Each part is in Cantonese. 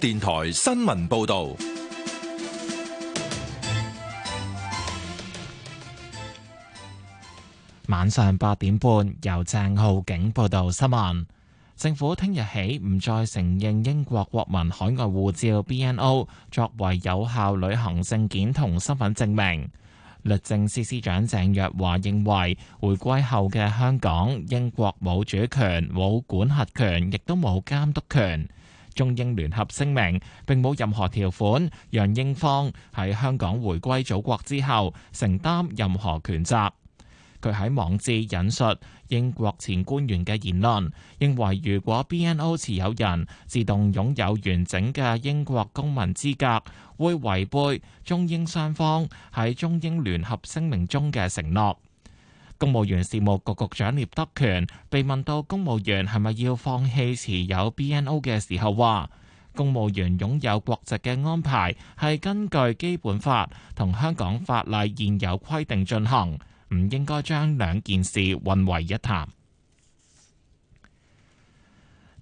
電台新聞報道，晚上八點半由鄭浩景報道新聞。政府聽日起唔再承認英國國民海外護照 （BNO） 作為有效旅行證件同身份證明。律政司司長鄭若驊認為，回歸後嘅香港，英國冇主權、冇管轄權，亦都冇監督權。中英聯合聲明並冇任何條款讓英方喺香港回歸祖國之後承擔任何權責。佢喺網誌引述英國前官員嘅言論，認為如果 BNO 持有人自動擁有完整嘅英國公民資格，會違背中英雙方喺中英聯合聲明中嘅承諾。公務員事務局局長聶德權被問到公務員係咪要放棄持有 BNO 嘅時候，話：公務員擁有國籍嘅安排係根據基本法同香港法例現有規定進行，唔應該將兩件事混為一談。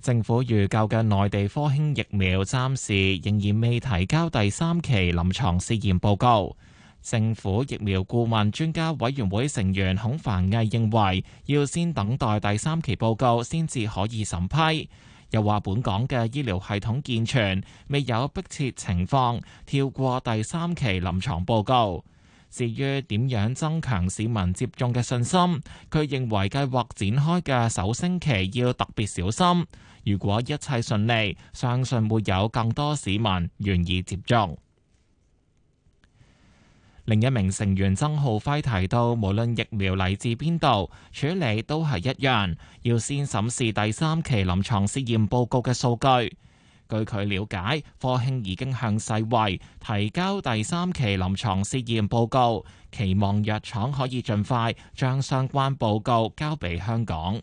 政府預購嘅內地科興疫苗暫時仍然未提交第三期臨牀試驗報告。政府疫苗顧問專家委員會成員孔凡毅認為，要先等待第三期報告，先至可以審批。又話，本港嘅醫療系統健全，未有迫切情況跳過第三期臨床報告。至於點樣增強市民接種嘅信心，佢認為計劃展開嘅首星期要特別小心。如果一切順利，相信會有更多市民願意接種。另一名成員曾浩輝提到，無論疫苗嚟自邊度，處理都係一樣，要先審視第三期臨床試驗報告嘅數據。據佢了解，科興已經向世衛提交第三期臨床試驗報告，期望藥廠可以盡快將相關報告交俾香港。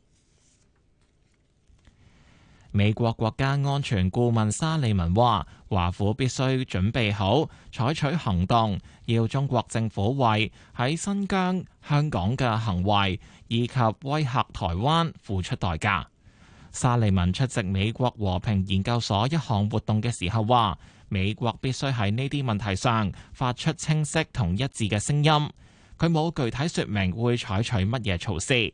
美國國家安全顧問沙利文話：華府必須準備好採取行動，要中國政府為喺新疆、香港嘅行為以及威嚇台灣付出代價。沙利文出席美國和平研究所一項活動嘅時候話：美國必須喺呢啲問題上發出清晰同一致嘅聲音。佢冇具體說明會採取乜嘢措施。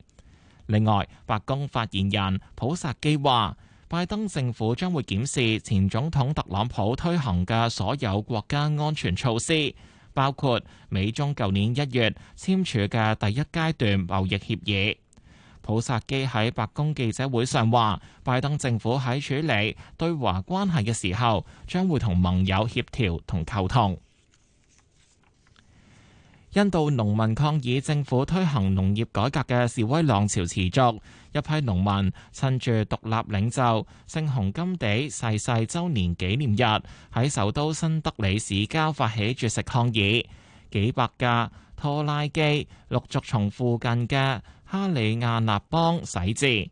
另外，白宮發言人普薩基話。拜登政府將會檢視前總統特朗普推行嘅所有國家安全措施，包括美中舊年一月簽署嘅第一階段貿易協議。普薩基喺白宮記者會上話，拜登政府喺處理對華關係嘅時候，將會同盟友協調同溝通。印度農民抗議政府推行農業改革嘅示威浪潮持續，一批農民趁住獨立領袖聖雄甘地逝世週年紀念日，喺首都新德里市郊發起絕食抗議，幾百架拖拉機陸續從附近嘅哈里亞納邦駛至。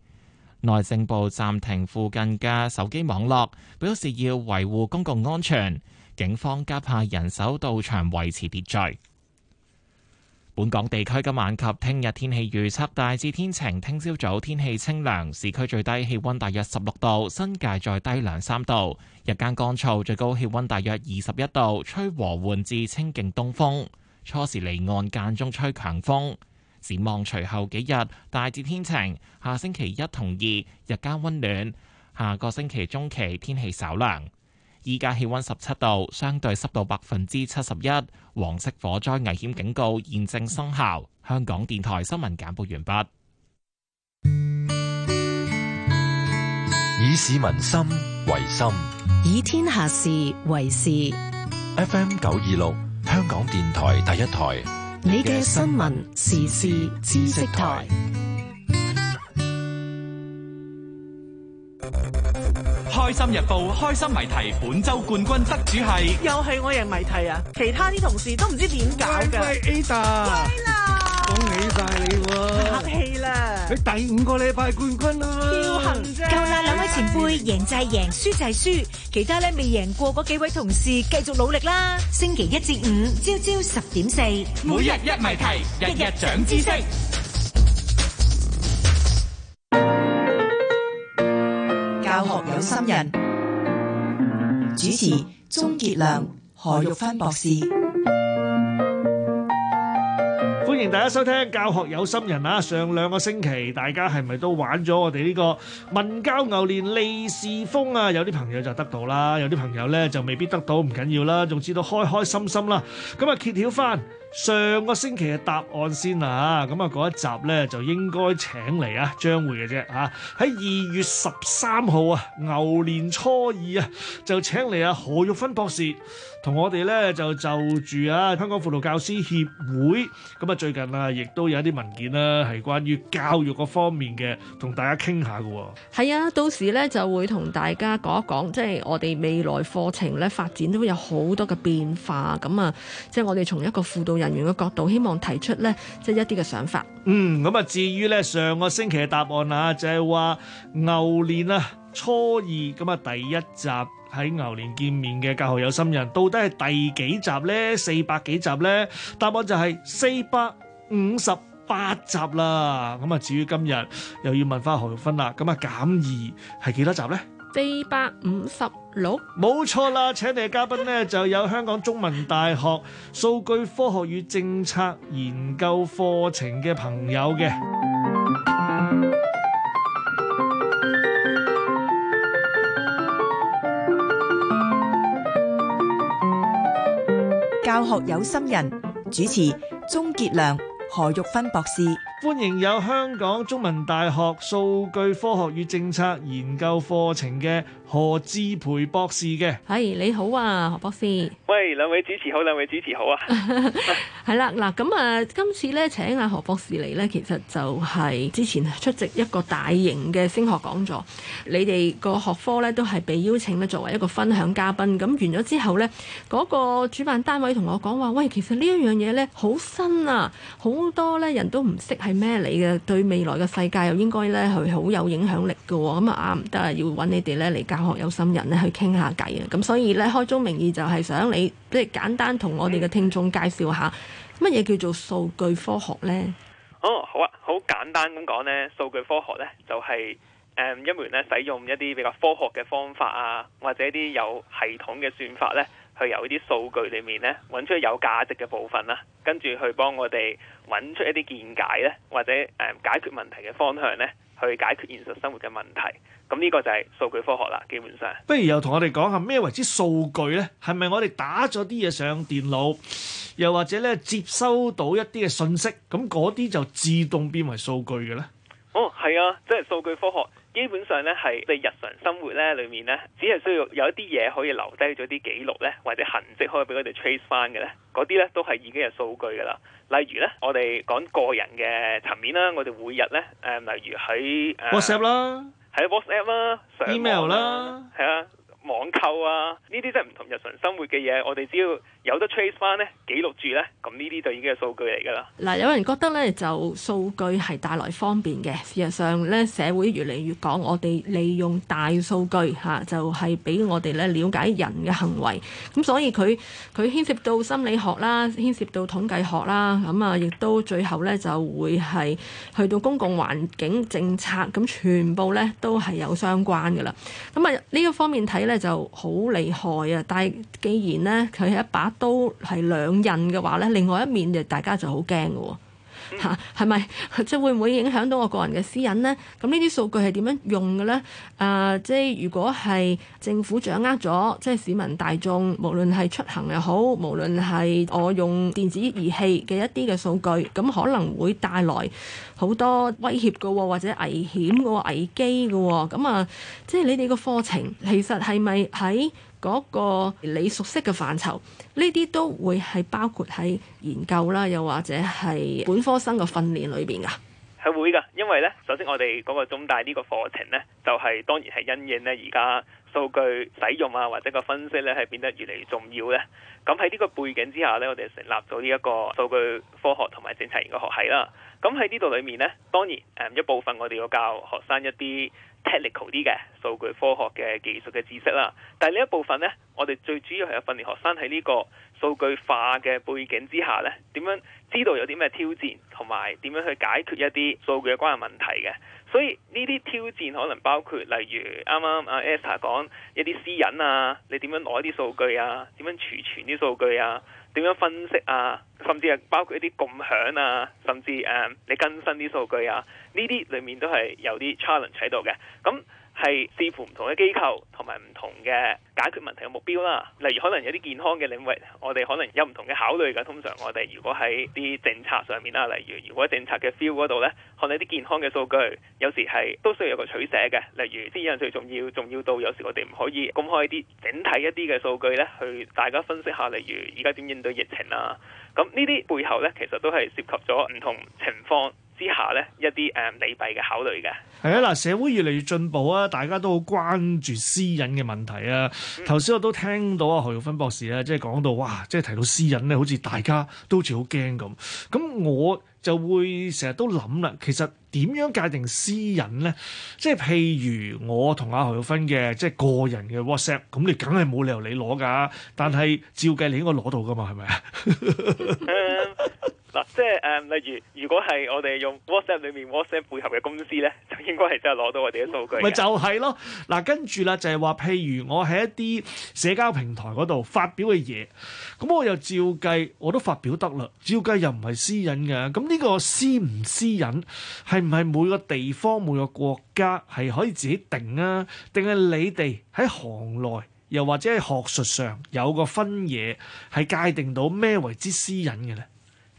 內政部暫停附近嘅手機網絡，表示要維護公共安全，警方加派人手到場維持秩序。本港地區今晚及聽日天氣預測大致天晴，聽朝早天氣清涼，市區最低氣溫大約十六度，新界再低兩三度，日間乾燥，最高氣溫大約二十一度，吹和緩至清勁東風，初時離岸間中吹強風，展望隨後幾日大致天晴，下星期一同二日間溫暖，下個星期中期天氣稍涼。依家氣溫十七度，相對濕度百分之七十一，黃色火災危險警告現正生效。香港電台新聞簡報完畢。以市民心為心，以天下事為事。FM 九二六，香港電台第一台，你嘅新聞時事知識台。開心日報開心謎題本周冠軍得主係，又係我贏謎題啊！其他啲同事都唔知點搞嘅。Ada，啦恭喜晒你喎、啊！唔客氣啦，你第五個禮拜冠軍啦、啊。僥倖啫，夠啦！兩位前輩贏就係贏，輸就係輸，其他咧未贏過嗰幾位同事繼續努力啦。星期一至五朝朝十點四，每日一謎題，日日長知識。有心人主持鍾傑良、何玉芬博士，歡迎大家收聽教學有心人啊！上兩個星期大家係咪都玩咗我哋呢個文教牛年利是封啊？有啲朋友就得到啦，有啲朋友呢就未必得到，唔緊要啦，仲知道開開心心啦！咁啊，揭曉翻。上個星期嘅答案先啊。嚇，咁啊嗰一集呢，就應該請嚟啊張會嘅啫嚇，喺二月十三號啊牛年初二啊，就請嚟啊何玉芬博士同我哋呢，就就住啊香港輔導教師協會咁啊最近啊亦都有一啲文件啦係關於教育嗰方面嘅，同大家傾下嘅。係啊，到時呢，就會同大家講一講，即係我哋未來課程呢，發展都會有好多嘅變化，咁啊即係我哋從一個輔導。人員嘅角度，希望提出咧，即係一啲嘅想法。嗯，咁啊，至於咧上個星期嘅答案啊，就係、是、話牛年啊初二咁啊，第一集喺牛年見面嘅教學有心人到底係第幾集咧？四百幾集咧？答案就係四百五十八集啦。咁啊，至於今日又要問翻何玉芬啦，咁啊減二係幾多集咧？四百五十六，冇錯啦！請嚟嘅嘉賓咧，就有香港中文大學數據科學與政策研究課程嘅朋友嘅教學有心人，主持鍾傑良。何玉芬博士，歡迎有香港中文大學數據科學與政策研究課程嘅何志培博士嘅。係、hey, 你好啊，何博士。喂，兩位主持好，兩位主持好啊。係啦， 哎，嗱咁 啊，今次咧請阿、啊、何博士嚟咧，其實就係之前出席一個大型嘅升學講座，你哋個學科咧都係被邀請咧作為一個分享嘉賓。咁完咗之後咧，嗰、那個主辦單位同我講話，喂，其實呢一樣嘢咧好新啊，好、啊。好多咧人都唔識係咩嚟嘅，對未來嘅世界又應該咧係好有影響力嘅，咁啊啱唔得啊，要揾你哋咧嚟教學有心人咧去傾下偈啊！咁所以咧開宗明義就係想你即係簡單同我哋嘅聽眾介紹下乜嘢叫做數據科學咧？哦，好啊，好簡單咁講咧，數據科學咧就係誒，一門咧使用一啲比較科學嘅方法啊，或者一啲有系統嘅算法咧。去由呢啲數據裏面咧揾出有價值嘅部分啦，跟住去幫我哋揾出一啲見解咧，或者誒、呃、解決問題嘅方向咧，去解決現實生活嘅問題。咁呢個就係數據科學啦，基本上。不如又同我哋講下咩為之數據咧？係咪我哋打咗啲嘢上電腦，又或者咧接收到一啲嘅訊息，咁嗰啲就自動變為數據嘅咧？哦，係啊，即係數據科學。基本上咧，係我哋日常生活咧裏面咧，只係需要有一啲嘢可以留低咗啲記錄咧，或者痕跡可以俾佢哋 trace 翻嘅咧，嗰啲咧都係已經係數據噶啦。例如咧，我哋講個人嘅層面啦，我哋每日咧，誒、呃、例如喺、呃、WhatsApp 啦、啊，喺 WhatsApp 啦、e、網，上 email 啦，係啊，網購啊，呢啲都係唔同日常生活嘅嘢，我哋只要。有得 trace 翻呢，記錄住呢。咁呢啲就已經係數據嚟㗎啦。嗱，有人覺得呢就數據係帶來方便嘅，事實上呢，社會越嚟越講我哋利用大數據嚇、啊，就係、是、俾我哋咧了解人嘅行為。咁所以佢佢牽涉到心理學啦，牽涉到統計學啦，咁啊亦都最後呢就會係去到公共環境政策，咁、啊、全部呢都係有相關㗎啦。咁啊呢個、這個、方面睇呢就好厲害啊，但係既然呢，佢係一把。都係兩刃嘅話咧，另外一面就大家就好驚嘅喎，嚇係咪？即 係會唔會影響到我個人嘅私隱呢？咁呢啲數據係點樣用嘅咧？啊、呃，即係如果係政府掌握咗，即係市民大眾，無論係出行又好，無論係我用電子儀器嘅一啲嘅數據，咁可能會帶來好多威脅嘅喎、哦，或者危險嘅喎，危機嘅喎、哦。咁啊，即係你哋個課程其實係咪喺？嗰個你熟悉嘅範疇，呢啲都會係包括喺研究啦，又或者係本科生嘅訓練裏邊㗎，係會㗎。因為咧，首先我哋嗰個中大呢個課程咧，就係、是、當然係因應咧而家數據使用啊或者個分析咧係變得越嚟越重要咧。咁喺呢個背景之下咧，我哋成立咗呢一個數據科學同埋政策研究學系啦。咁喺呢度裏面咧，當然誒一部分我哋要教學生一啲。technical 啲嘅數據科學嘅技術嘅知識啦，但係呢一部分呢，我哋最主要係訓練學生喺呢個數據化嘅背景之下呢，點樣知道有啲咩挑戰，同埋點樣去解決一啲數據嘅關係問題嘅。所以呢啲挑戰可能包括例如啱啱阿 Esther 講一啲私隱啊，你點樣攞啲數據啊，點樣儲存啲數據啊。點樣分析啊？甚至係包括一啲共享啊，甚至誒、啊、你更新啲數據啊，呢啲裏面都係有啲 challenge 喺度嘅。咁、啊。係視乎唔同嘅機構同埋唔同嘅解決問題嘅目標啦。例如可能有啲健康嘅領域，我哋可能有唔同嘅考慮嘅。通常我哋如果喺啲政策上面啦，例如如果政策嘅 feel 嗰度呢，看啲啲健康嘅數據，有時係都需要有個取捨嘅。例如啲人最重要，重要到有時我哋唔可以公開啲整體一啲嘅數據呢，去大家分析下。例如而家點應對疫情啊，咁呢啲背後呢，其實都係涉及咗唔同情況之下呢一啲誒利弊嘅考慮嘅。係啊，嗱，社會越嚟越進步啊，大家都好關注私隱嘅問題啊。頭先我都聽到啊，何玉芬博士啊，即係講到哇，即係提到私隱咧，好似大家都好似好驚咁。咁我就會成日都諗啦，其實點樣界定私隱咧？即係譬如我同阿何玉芬嘅即係個人嘅 WhatsApp，咁你梗係冇理由你攞噶。但係照計你應該攞到噶嘛，係咪啊？ 嗱，即係誒，例如如果係我哋用 WhatsApp 裏面 WhatsApp 配合嘅公司咧，就應該係真係攞到我哋嘅數據。咪就係咯，嗱，跟住啦，就係話，譬如我喺一啲社交平台嗰度發表嘅嘢，咁我又照計我都發表得啦，照計又唔係私隱嘅。咁呢個私唔私隱，係唔係每個地方每個國家係可以自己定啊？定係你哋喺行內又或者喺學術上有個分野係界定到咩為之私隱嘅咧？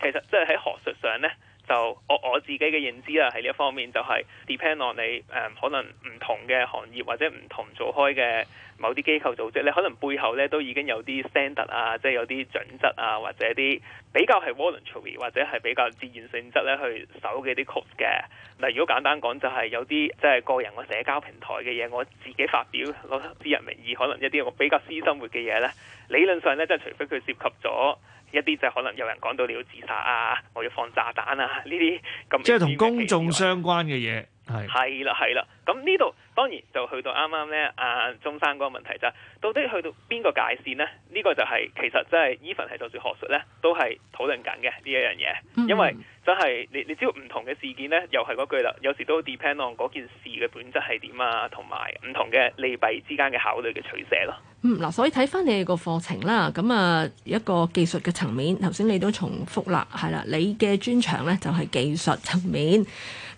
其實，即係喺學術上咧，就我我自己嘅認知啊，喺呢一方面就係 depend on 你誒，可能唔同嘅行業或者唔同做開嘅。某啲機構組織咧，可能背後咧都已經有啲 standard 啊，即係有啲準則啊，或者啲比較係 voluntary 或者係比較自然性質咧去搜嘅啲曲嘅。嗱，如果簡單講就係、是、有啲即係個人嘅社交平台嘅嘢，我自己發表攞私人名義，可能一啲我比較私生活嘅嘢咧。理論上咧，即係除非佢涉及咗一啲就係可能有人講到你要自殺啊，我要放炸彈啊呢啲咁。即係同公眾相關嘅嘢。係，係啦，係啦。咁呢度當然就去到啱啱咧啊，鍾生嗰個問題就到底去到邊個界線呢？呢、呢個就係、是、其實真係呢份係就算、是、學術咧，都係討論緊嘅呢一樣嘢。因為真係你你知道唔同嘅事件咧，又係嗰句啦，有時都 depend on 嗰件事嘅本質係點啊，同埋唔同嘅利弊之間嘅考慮嘅取捨咯。嗯，嗱、啊，所以睇翻你哋個課程啦，咁啊，一個技術嘅層面，頭先你都重複啦，係啦，你嘅專長咧就係技術層面。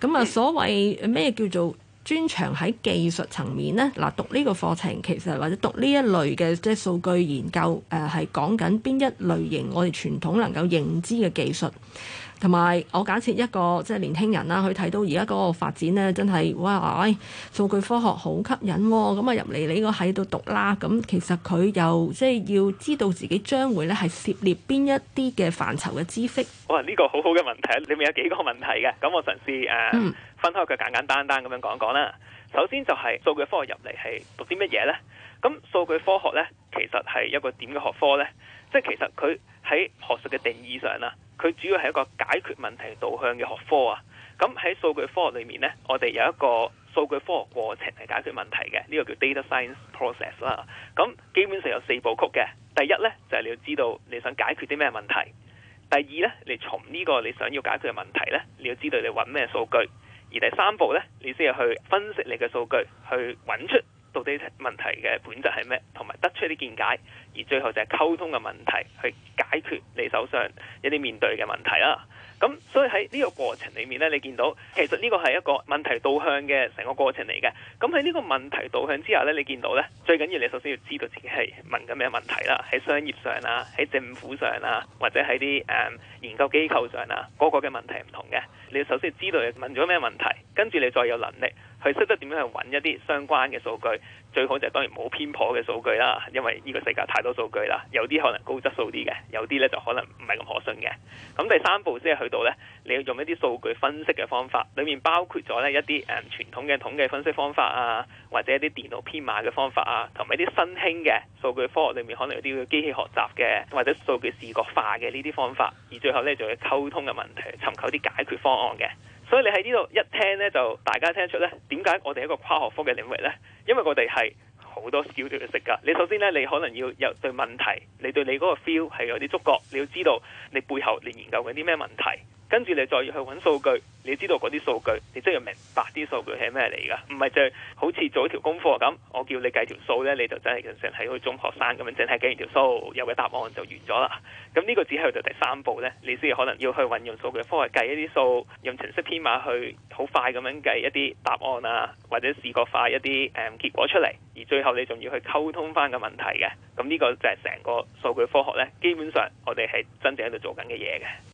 咁啊，所謂咩叫做專長喺技術層面呢？嗱，讀呢個課程其實或者讀呢一類嘅即係數據研究，誒係講緊邊一類型我哋傳統能夠認知嘅技術。同埋，我假設一個即係年輕人啦，佢睇到而家嗰個發展咧，真係哇、哎！數據科學好吸引喎、哦，咁啊入嚟你如果喺度讀啦，咁其實佢又即係要知道自己將會咧係涉獵邊一啲嘅範疇嘅知識。哇！呢、這個好好嘅問題，你咪有幾個問題嘅，咁我嘗試誒、呃、分開佢簡簡單單咁樣講講啦。首先就係、是、數據科學入嚟係讀啲乜嘢咧？咁數據科學咧其實係一個點嘅學科咧？即係其實佢喺學術嘅定義上啦，佢主要係一個解決問題導向嘅學科啊。咁喺數據科學裏面呢，我哋有一個數據科學過程係解決問題嘅，呢個叫 data science process 啦。咁基本上有四部曲嘅。第一呢，就係你要知道你想解決啲咩問題。第二呢，你從呢個你想要解決嘅問題呢，你要知道你揾咩數據。而第三步呢，你先去分析你嘅數據，去揾出到底問題嘅本質係咩？同埋得出一啲見解，而最後就係溝通嘅問題，去解決你手上一啲面對嘅問題啦。咁所以喺呢個過程裡面咧，你見到其實呢個係一個問題導向嘅成個過程嚟嘅。咁喺呢個問題導向之下咧，你見到咧最緊要你首先要知道自己係問緊咩問題啦。喺商業上啊，喺政府上啊，或者喺啲誒研究機構上啊，嗰個嘅問題唔同嘅。你首先要知道問咗咩問題，跟住你再有能力。佢識得點樣去揾一啲相關嘅數據，最好就係當然唔好偏頗嘅數據啦，因為呢個世界太多數據啦，有啲可能高質素啲嘅，有啲咧就可能唔係咁可信嘅。咁第三步先係去到呢，你要用一啲數據分析嘅方法，裡面包括咗呢一啲誒、嗯、傳統嘅統計分析方法啊，或者一啲電腦編碼嘅方法啊，同埋一啲新興嘅數據科學裏面可能有啲機器學習嘅，或者數據視覺化嘅呢啲方法，而最後呢，仲有溝通嘅問題，尋求啲解決方案嘅。所以你喺呢度一聽咧，就大家聽出咧點解我哋一個跨學科嘅領域咧？因為我哋係好多小小嘅知識㗎。你首先咧，你可能要有對問題，你對你嗰個 feel 係有啲觸覺，你要知道你背後你研究緊啲咩問題。跟住你再要去揾數據，你知道嗰啲數據，你真係要明白啲數據係咩嚟噶？唔係就係好似做一條功課咁，我叫你計條數咧，你就真係成日喺度中學生咁樣淨係計完條數有嘅答案就完咗啦。咁呢個只係去到第三步咧，你先可能要去運用數據科學計一啲數，用程式編碼去好快咁樣計一啲答案啊，或者視覺化一啲誒、嗯、結果出嚟。而最後你仲要去溝通翻個問題嘅。咁呢個就係成個數據科學咧，基本上我哋係真正喺度做緊嘅嘢嘅。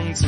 光照。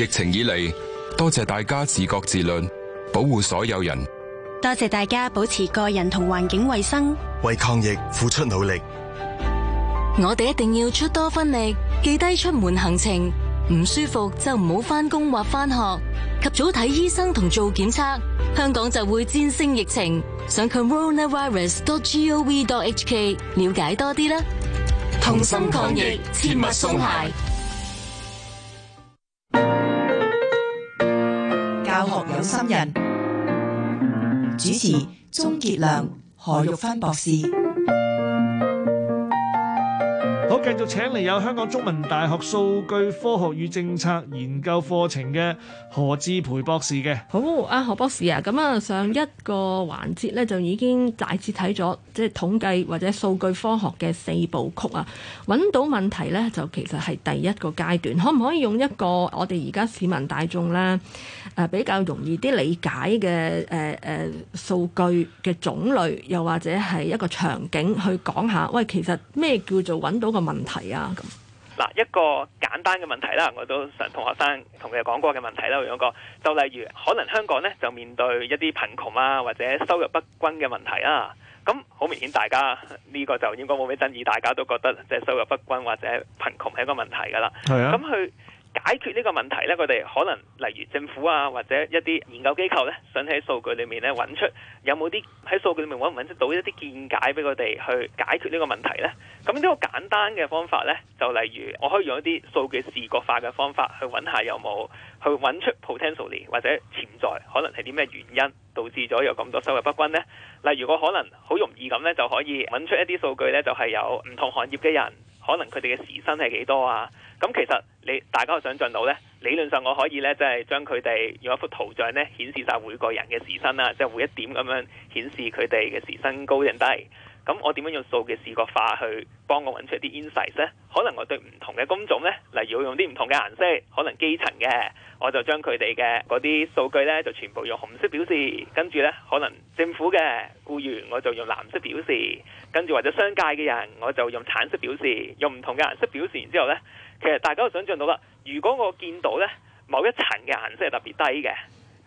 疫情以嚟，多謝大家自覺自律，保護所有人。多謝大家保持個人同環境衛生，為抗疫付出努力。我哋一定要出多分力，記低出門行程，唔舒服就唔好翻工，或翻學，及早睇醫生同做檢測，香港就會戰勝疫情。上 coronavirus.gov.hk 了解多啲啦。同心抗疫，切勿鬆懈。新任主持：鍾傑良、何玉芬博士。繼續請嚟有香港中文大學數據科學與政策研究課程嘅何志培博士嘅。好，啊，何博士啊，咁、嗯、啊，上一個環節咧就已經大致睇咗，即係統計或者數據科學嘅四部曲啊，揾到問題咧就其實係第一個階段。可唔可以用一個我哋而家市民大眾咧誒比較容易啲理解嘅誒誒數據嘅種類，又或者係一個場景去講下？喂，其實咩叫做揾到個？問題啊。嗱，一個簡單嘅問題啦，我都同學生同佢講過嘅問題啦，我有個就例如可能香港呢，就面對一啲貧窮啊，或者收入不均嘅問題啦、啊，咁好明顯大家呢個就應該冇咩爭議，大家都覺得即係收入不均或者貧窮係一個問題噶啦，係啊，咁佢。解決呢個問題呢，我哋可能例如政府啊，或者一啲研究機構呢，想喺數據裏面呢揾出有冇啲喺數據裏面揾唔揾得到一啲見解俾佢哋去解決呢個問題呢。咁呢個簡單嘅方法呢，就例如我可以用一啲數據視覺化嘅方法去揾下有冇，去揾出 potential 或者潛在可能係啲咩原因導致咗有咁多收入不均呢？例如我可能好容易咁呢，就可以揾出一啲數據呢，就係、是、有唔同行業嘅人。可能佢哋嘅時薪係幾多啊？咁、嗯、其實你大家可想像到呢，理論上我可以呢，即係將佢哋用一幅圖像呢顯示晒每個人嘅時薪啦，即係每一點咁樣顯示佢哋嘅時薪高定低。咁我點樣用數嘅視覺化去幫我揾出一啲 insights 呢？可能我對唔同嘅工種呢，例如我用啲唔同嘅顏色，可能基層嘅我就將佢哋嘅嗰啲數據呢就全部用紅色表示，跟住呢，可能政府嘅僱員我就用藍色表示，跟住或者商界嘅人我就用橙色表示，用唔同嘅顏色表示完之後呢，其實大家都想像到啦，如果我見到呢某一層嘅顏色係特別低嘅。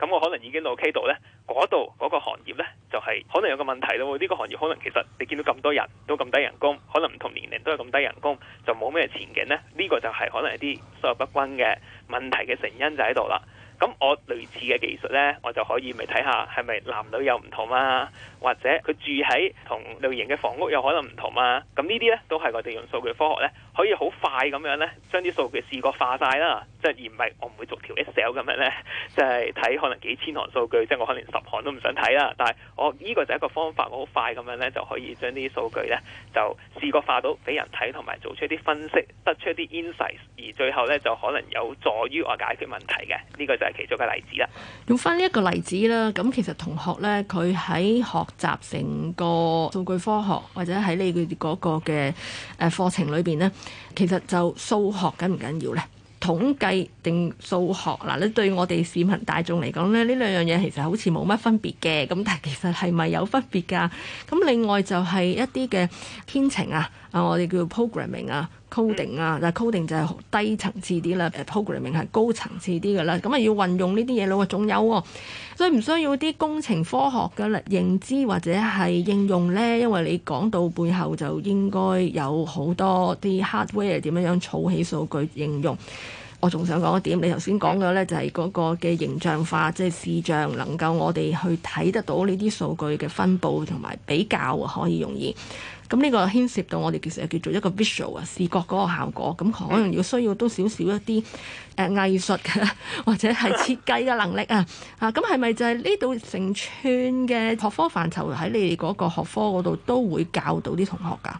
咁我可能已經到 K 度呢嗰度嗰個行業呢，就係、是、可能有個問題咯。呢、這個行業可能其實你見到咁多人，都咁低人工，可能唔同年齡都有咁低人工，就冇咩前景呢。呢、這個就係可能一啲收入不均嘅問題嘅成因就喺度啦。咁我類似嘅技術呢，我就可以咪睇下係咪男女有唔同啊，或者佢住喺同類型嘅房屋有可能唔同啊。咁呢啲呢，都係我哋用數據科學呢，可以好快咁樣呢，將啲數據視覺化晒啦。即係而唔係我唔會逐條 Excel 咁樣呢，即係睇可能幾千行數據，即係我可能十行都唔想睇啦。但係我呢個就係一個方法，我好快咁樣呢，就可以將啲數據呢，就視覺化到俾人睇，同埋做出一啲分析，得出一啲 insights，而最後呢，就可能有助於我解決問題嘅。呢個就係。其中嘅例子啦，用翻呢一個例子啦，咁其實同學咧，佢喺學習成個數據科學或者喺你哋嗰個嘅誒課程裏邊咧，其實就數學緊唔緊要咧？統計定數學嗱，你對我哋市民大眾嚟講咧，呢兩樣嘢其實好似冇乜分別嘅，咁但係其實係咪有分別噶？咁另外就係一啲嘅編程啊，啊我哋叫 programming 啊。coding 啊，但 coding 就係低層次啲啦，programming 係高層次啲嘅啦，咁啊要運用呢啲嘢咯，仲有喎，所以唔需要啲工程科學嘅認知或者係應用咧，因為你講到背後就應該有好多啲 hardware 點樣樣儲起數據應用。我仲想講一點，你頭先講嘅咧就係嗰個嘅形象化，即係視像能夠我哋去睇得到呢啲數據嘅分佈同埋比較可以容易。咁呢個牽涉到我哋其實叫做一個 visual 啊視覺嗰個效果，咁可能要需要多少少一啲誒、呃、藝術或者係設計嘅能力啊。啊，咁係咪就係呢度成串嘅學科範疇喺你哋嗰個學科嗰度都會教到啲同學㗎？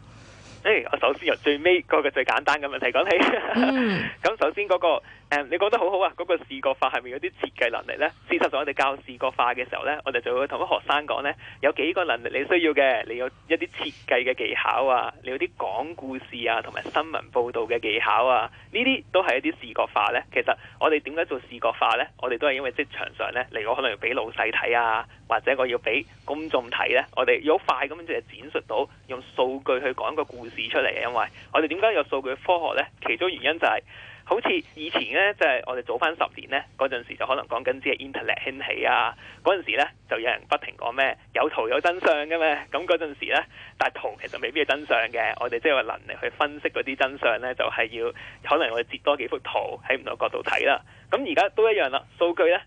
誒、哎，我首先由最尾嗰個最簡單嘅問題講起。咁、mm. 首先嗰、嗰個。誒，你講得好好啊！嗰個視覺化係咪有啲設計能力呢？事實上，我哋教視覺化嘅時候呢，我哋就會同啲學生講呢，有幾個能力你需要嘅，你有一啲設計嘅技巧啊，你有啲講故事啊，同埋新聞報道嘅技巧啊，呢啲都係一啲視覺化呢。其實我哋點解做視覺化呢？我哋都係因為職場上呢，嚟，我可能要俾老細睇啊，或者我要俾公眾睇呢。我哋要好快咁樣就係展述到用數據去講個故事出嚟。因為我哋點解有數據科學呢？其中原因就係……好似以前呢，即係我哋早返十年呢嗰陣時就可能講緊啲係 Internet 興起啊。嗰陣時呢，就有人不停講咩有圖有真相嘅嘛。咁嗰陣時呢，但係圖其實未必係真相嘅。我哋即係話能力去分析嗰啲真相呢，就係要可能我哋截多幾幅圖喺唔同角度睇啦。咁而家都一樣啦，數據呢。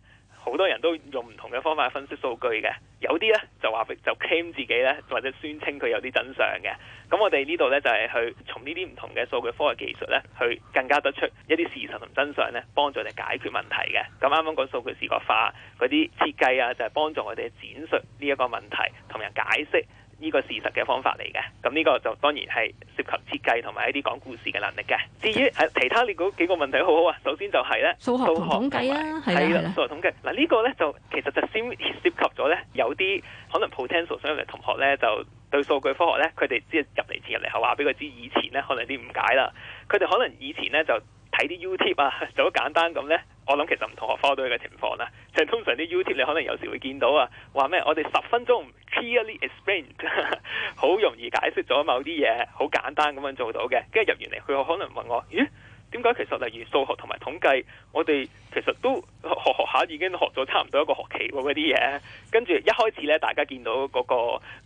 好多人都用唔同嘅方法分析數據嘅，有啲呢就話就 claim 自己呢，或者宣稱佢有啲真相嘅。咁我哋呢度呢，就係去從呢啲唔同嘅數據科學技術呢，去更加得出一啲事實同真相呢，幫助你解決問題嘅。咁啱啱講數據視覺化嗰啲設計啊，就係幫助我哋去展述呢一個問題同人解釋。呢個事實嘅方法嚟嘅，咁、這、呢個就當然係涉及設計同埋一啲講故事嘅能力嘅。至於係其他你嗰幾個問題，好好啊！首先就係咧數學統計和啊，係啦，數學統計嗱呢個咧就其實就先涉及咗咧，有啲可能 potential 所有嘅同學咧就對數據科學咧，佢哋即係入嚟前入嚟後係話俾佢知以前咧可能啲誤解啦，佢哋可能以前咧就。睇啲 YouTube 啊，就好簡單咁呢。我諗其實唔同學科都有嘅情況啦，就係通常啲 YouTube 你可能有時會見到啊，話咩我哋十分鐘 clearly explained，好容易解釋咗某啲嘢，好簡單咁樣做到嘅。跟住入完嚟，佢可能問我咦？點解其實例如數學同埋統計，我哋其實都學學下已經學咗差唔多一個學期喎嗰啲嘢。跟住一開始咧，大家見到嗰個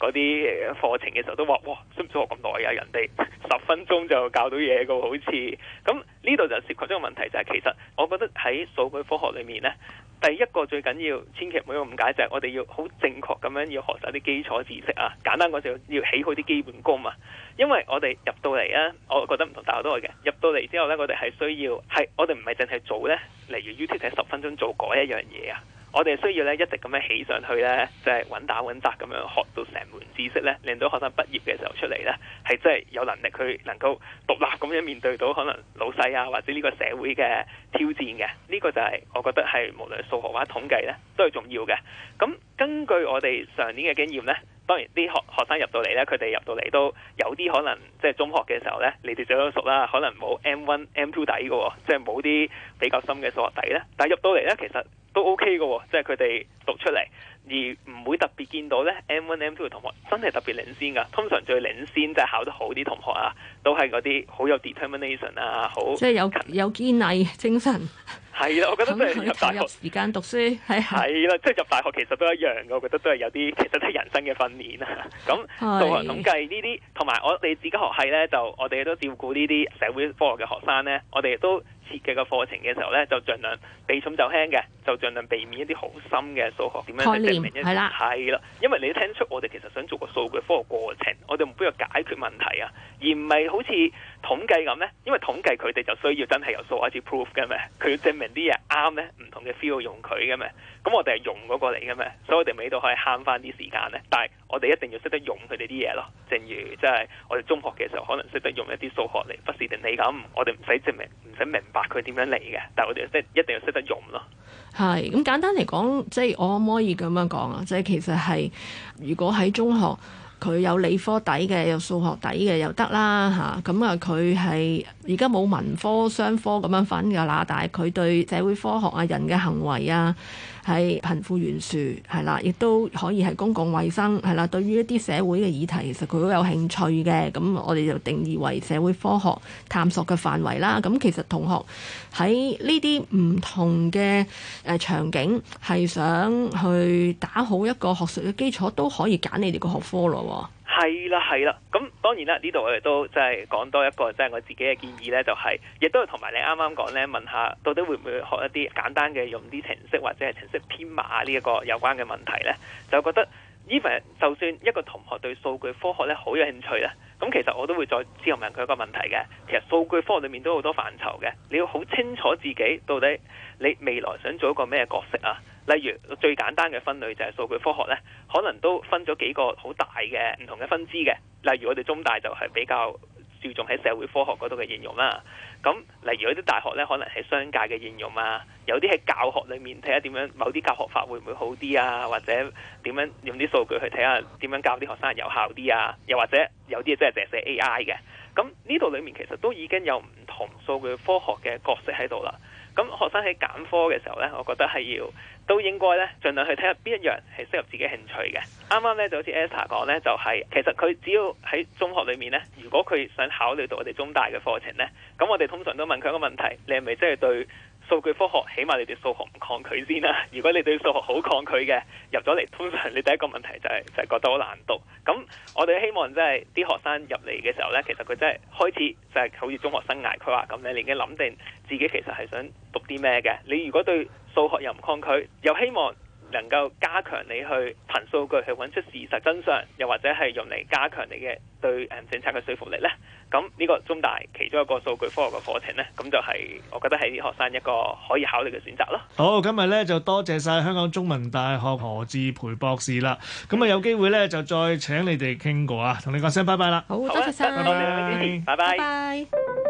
嗰啲課程嘅時候，都話：哇，需唔需要學咁耐啊？人哋十分鐘就教到嘢㗎喎，好似咁呢度就涉及咗個問題，就係其實我覺得喺數據科學裏面咧。第一個最緊要，千祈唔好誤解，就係我哋要好正確咁樣要學習啲基礎知識啊！簡單講就要起好啲基本功啊！因為我哋入到嚟啊，我覺得唔同大學都係嘅。入到嚟之後呢，我哋係需要係我哋唔係淨係做呢，例如 YouTube 係十分鐘做嗰一樣嘢啊。我哋需要咧一直咁樣起上去咧，即係穩打穩扎咁樣學到成門知識咧，令到學生畢業嘅時候出嚟咧，係真係有能力去能夠獨立咁樣面對到可能老細啊或者呢個社會嘅挑戰嘅。呢個就係我覺得係無論數學或者統計咧都係重要嘅。咁根據我哋上年嘅經驗咧，當然啲學學生入到嚟咧，佢哋入到嚟都有啲可能即係中學嘅時候咧，你哋最都熟啦，可能冇 M one M two 底嘅，即係冇啲比較深嘅數學底咧。但係入到嚟咧，其實。都 OK 嘅喎，即係佢哋讀出嚟。而唔會特別見到咧，M1、M2 嘅同學真係特別領先㗎。通常最領先、即係考得好啲同學啊，都係嗰啲好有 determination 啊，好即係有有堅毅精神。係啦， 我覺得都係入大學。時間讀書係係啦，即係入大學其實都一樣嘅，我覺得都係有啲，其實都係人生嘅訓練啊。咁 數學統計呢啲，同埋我哋自己學系咧，就我哋都照顧呢啲社會科學嘅學生咧，我哋都設計個課程嘅時候咧，就儘量避重就輕嘅，就儘量避免一啲好深嘅數學點樣。係啦，係啦，因為你都聽出，我哋其實想做個數據科學過程，我哋唔必要解決問題啊，而唔係好似統計咁咧。因為統計佢哋就需要真係由數開始 proof 嘅嘛，佢要證明啲嘢啱咧，唔同嘅 feel 用佢嘅嘛。咁我哋係用嗰個嚟嘅嘛，所以我哋尾度可以慳翻啲時間咧。但係我哋一定要識得用佢哋啲嘢咯。正如即係我哋中學嘅時候，可能識得用一啲數學嚟，不是定理咁，我哋唔使證明，唔使明白佢點樣嚟嘅，但係我哋一定要識得用咯。係咁、嗯、簡單嚟講，即係我可唔可以咁？咁樣講啊，即係其實係，如果喺中學佢有理科底嘅，有數學底嘅又得啦嚇。咁啊，佢係而家冇文科商科咁樣分嘅啦，但係佢對社會科學啊、人嘅行為啊。係貧富懸殊係啦，亦都可以係公共衛生係啦。對於一啲社會嘅議題，其實佢都有興趣嘅。咁我哋就定義為社會科學探索嘅範圍啦。咁其實同學喺呢啲唔同嘅誒場景係想去打好一個學術嘅基礎，都可以揀你哋個學科咯。係啦，係啦，咁、嗯、當然啦，呢度我哋都即係講多一個，即係我自己嘅建議呢、就是，就係亦都係同埋你啱啱講呢。問下到底會唔會學一啲簡單嘅用啲程式或者係程式編碼呢一個有關嘅問題呢？就覺得，even 就算一個同學對數據科學呢好有興趣啦，咁其實我都會再之後問佢一個問題嘅。其實數據科學裏面都好多範疇嘅，你要好清楚自己到底你未來想做一個咩角色啊？例如最簡單嘅分類就係數據科學呢，可能都分咗幾個好大嘅唔同嘅分支嘅。例如我哋中大就係比較注重喺社會科學嗰度嘅應用啦。咁例如有啲大學呢，可能係商界嘅應用啊，有啲喺教學裏面睇下點樣某啲教學法會唔會好啲啊，或者點樣用啲數據去睇下點樣教啲學生有效啲啊，又或者有啲嘢真係淨係寫 AI 嘅。咁呢度裏面其實都已經有唔同數據科學嘅角色喺度啦。咁、嗯、學生喺揀科嘅時候呢，我覺得係要都應該呢，儘量去睇下邊一樣係適合自己興趣嘅。啱啱呢，就好似 Esther 講呢，就係、是、其實佢只要喺中學裏面呢，如果佢想考慮到我哋中大嘅課程呢，咁我哋通常都問佢一個問題：你係咪真係對？數據科學起碼你對數學唔抗拒先啦，如果你對數學好抗拒嘅入咗嚟，通常你第一個問題就係就係覺得好難讀。咁我哋希望即係啲學生入嚟嘅時候呢，其實佢真係開始就係好似中學生涯規劃咁你已經諗定自己其實係想讀啲咩嘅。你如果對數學又唔抗拒，又希望。能夠加強你去憑數據去揾出事實真相，又或者係用嚟加強你嘅對誒政策嘅說服力咧。咁呢個中大其中一個數據科學嘅課程咧，咁就係我覺得係啲學生一個可以考慮嘅選擇咯。好，今日咧就多謝晒香港中文大學何志培博士啦。咁啊的，有機會咧就再請你哋傾過啊，同你講聲拜拜啦。好，多謝晒，拜拜，拜拜。拜拜。